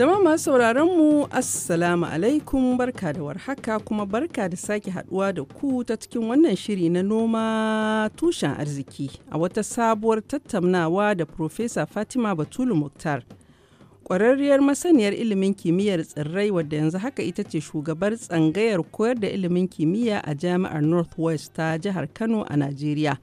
Jama'a masu sauraron mu Assalamu alaikum barka da warhaka kuma barka da sake haduwa da ku ta cikin wannan shiri na noma tushen arziki a wata sabuwar tattaunawa da Profesa Fatima Batulu Muktar. Ƙwararriyar masaniyar ilimin kimiyyar tsirrai wadda yanzu haka ita ce shugabar tsangayar koyar da ilimin kimiyya a jami'ar Northwest ta jihar Kano a Najeriya.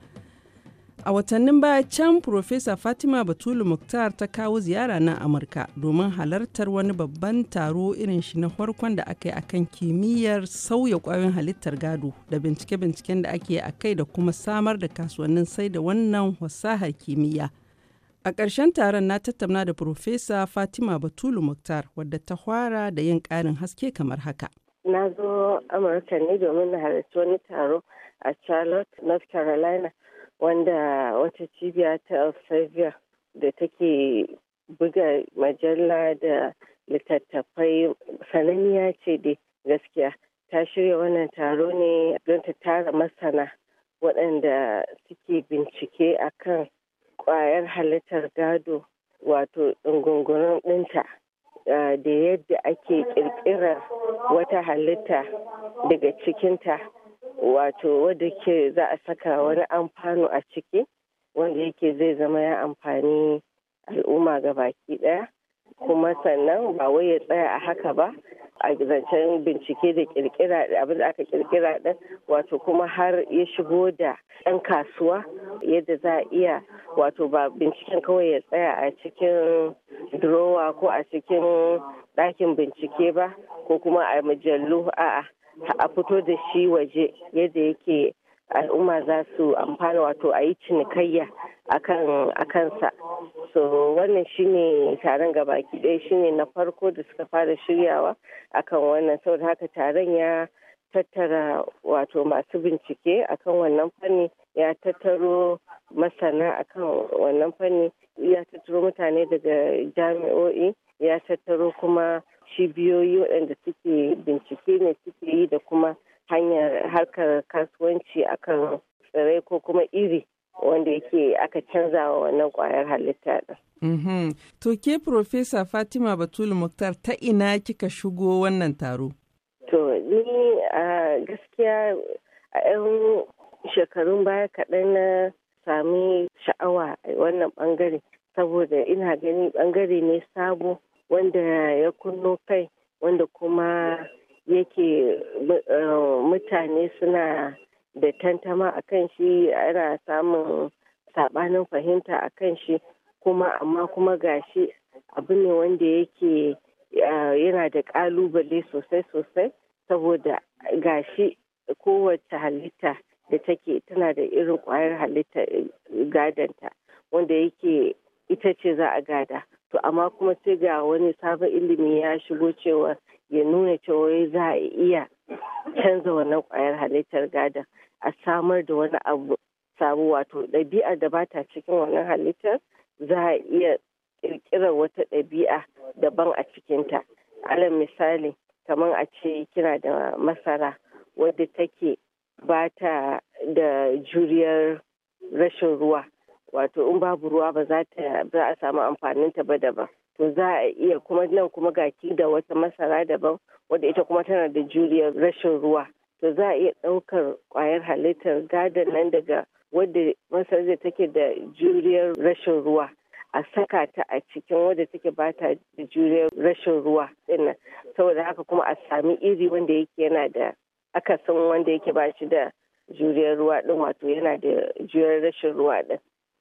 A watannin baya can Profesa Fatima Batulu Muktar ta kawo ziyara na Amurka domin halartar wani babban taro irin shi na farkon da aka yi kan kimiyyar sauya kwayoyin halittar gado da bincike-binciken da ake a kai da kuma samar da kasuwannin sai da wannan fasahar kimiyya. A ƙarshen taron na tattauna da Profesa Fatima Batulu Muktar wadda ta fara da yin ƙarin haske kamar haka. Na zo Amurka ne domin na halarci wani taro a Charlotte, North Carolina. wanda wata cibiya ta Elsevier da take buga majalla da littattafai sananniya ce da gaskiya ta shirya wannan taro ne don ta tara masana waɗanda suke bincike akan kwayar halittar gado wato ɗungungunan ɗinta eh, da yadda ake ƙirƙirar wata halitta daga cikinta wato wadda ke za a saka wani amfano a ciki wanda yake zai zama ya amfani al'umma ga baki daya kuma sannan ba wai ya tsaya a haka ba a zancen bincike da kirkira abin da aka kirkira din wato kuma har ya shigo da ɗan kasuwa yadda za a iya wato ba binciken kawai ya tsaya a cikin durowa ko a cikin ɗakin bincike ba ko kuma a mujallu a'a a fito da shi waje yadda yake al'umma za su amfana wato a yi cinikayya a kansa so wannan shine taron baki ɗaya shine na farko da suka fara shiryawa akan wannan saboda haka taron ya tattara wato masu bincike akan wannan fanni ya tattaro masana akan wannan fanni ya tattaro mutane daga jami'o'i ya tattaro kuma cibiyoyi waɗanda suke bincike ne suke yi da kuma hanyar harkar kasuwanci akan tsirrai ko kuma iri wanda yake aka canza wa wannan kwayar halitta ɗin. Mhm. To ke Profesa Fatima batulu Muktar ta ina kika shigo wannan taro? To ni a gaskiya a 'yan shekarun baya kaɗan na sami sha'awa a wannan ɓangare saboda ina gani ɓangare ne sabo wanda ya kunno kai wanda kuma yake eh, mutane suna da tantama a kan shi ana samun saɓanin fahimta a kan shi kuma amma kuma gashi abu ne wanda yake eh, yana da ƙalubale sosai-sosai saboda gashi kowace halitta da take tana da irin kwayar halitta eh, gadanta wanda yake ita ce za a gada to amma kuma sai ga wani sabon ilimi ya shigo cewa ya nuna cewa za a iya canza wannan kwayar halittar gadon a samar da wani abu sabo wato ɗabi'a da ba ta cikin wannan halittar za a iya ƙirƙirar wata ɗabi'a daban a cikinta alal misali kamar a ce kina da masara wadda take ba ta da juriyar rashin ruwa wato in babu ruwa ba za a samu amfanin ta ba daban to za a iya kuma nan kuma gaki da wata masara daban wadda ita kuma tana da juriyar rashin ruwa to za a iya ɗaukar ƙwayar halittar gadon nan daga wadda masarar da take da juriyar rashin ruwa a saka ta a cikin wadda take bata da juriyar rashin ruwa saboda haka kuma a sami iri wanda yake yana da akasin wanda yake ba shi da juriyar ruwa din wato yana da juriyar rashin ruwa din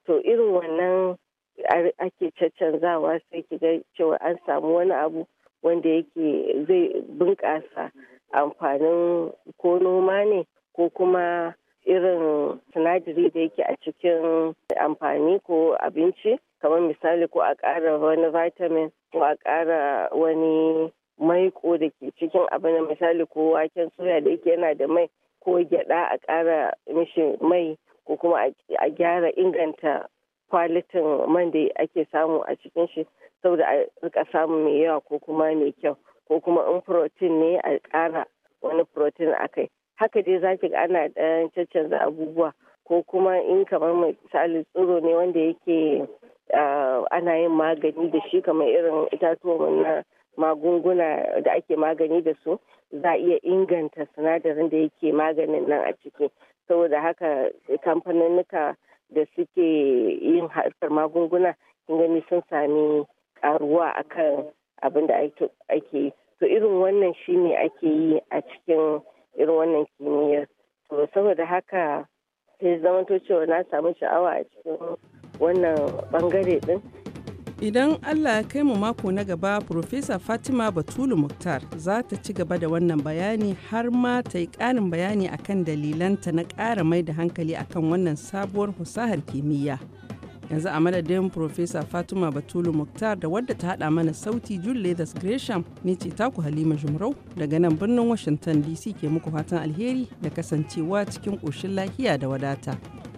to irin wannan ake caccanzawa sai ki ga cewa an samu wani abu wanda yake zai bunƙasa amfanin ko noma ne ko kuma irin sinadari da yake a cikin amfani ko abinci kamar misali ko a ƙara wani vitamin ko a ƙara wani maiko da ke cikin abin misali ko waken soya da yake yana da mai ko gyada a ƙara mishi mai ko kuma a gyara inganta kwalitin man da ake samu a cikin shi saboda a rika samu mai yawa ko kuma mai kyau ko kuma in protein ne a ƙara wani protein a kai haka dai za ki ana ɗan caccanza abubuwa ko kuma in kamar misali tsoro ne wanda yake ah, ana yin magani da shi kamar irin itatuwa wannan magunguna da ake magani da su za a iya inganta sinadarin da yake maganin nan a ciki saboda haka kamfaninnika da suke yin harkar magunguna kin gani sun sami karuwa akan abin da ake yi to irin wannan shi ne ake yi a cikin irin wannan kimiyyar to saboda haka sai to cewa na samu sha'awa a cikin wannan bangare din Idan Allah ya kai mu mako na gaba, Profesa Fatima Batulu Muktar za ta ci gaba da wannan bayani har ma ta yi ƙarin bayani akan dalilanta na ƙara mai da hankali akan wannan sabuwar husahar kimiyya. Yanzu a madadin Profesa Fatima Batulu Muktar da wadda ta haɗa mana sauti June Leathers Gresham ne ce taku Halima Jumrau daga nan birnin Washington DC ke muku fatan alheri da kasancewa cikin ƙoshin lafiya da wadata.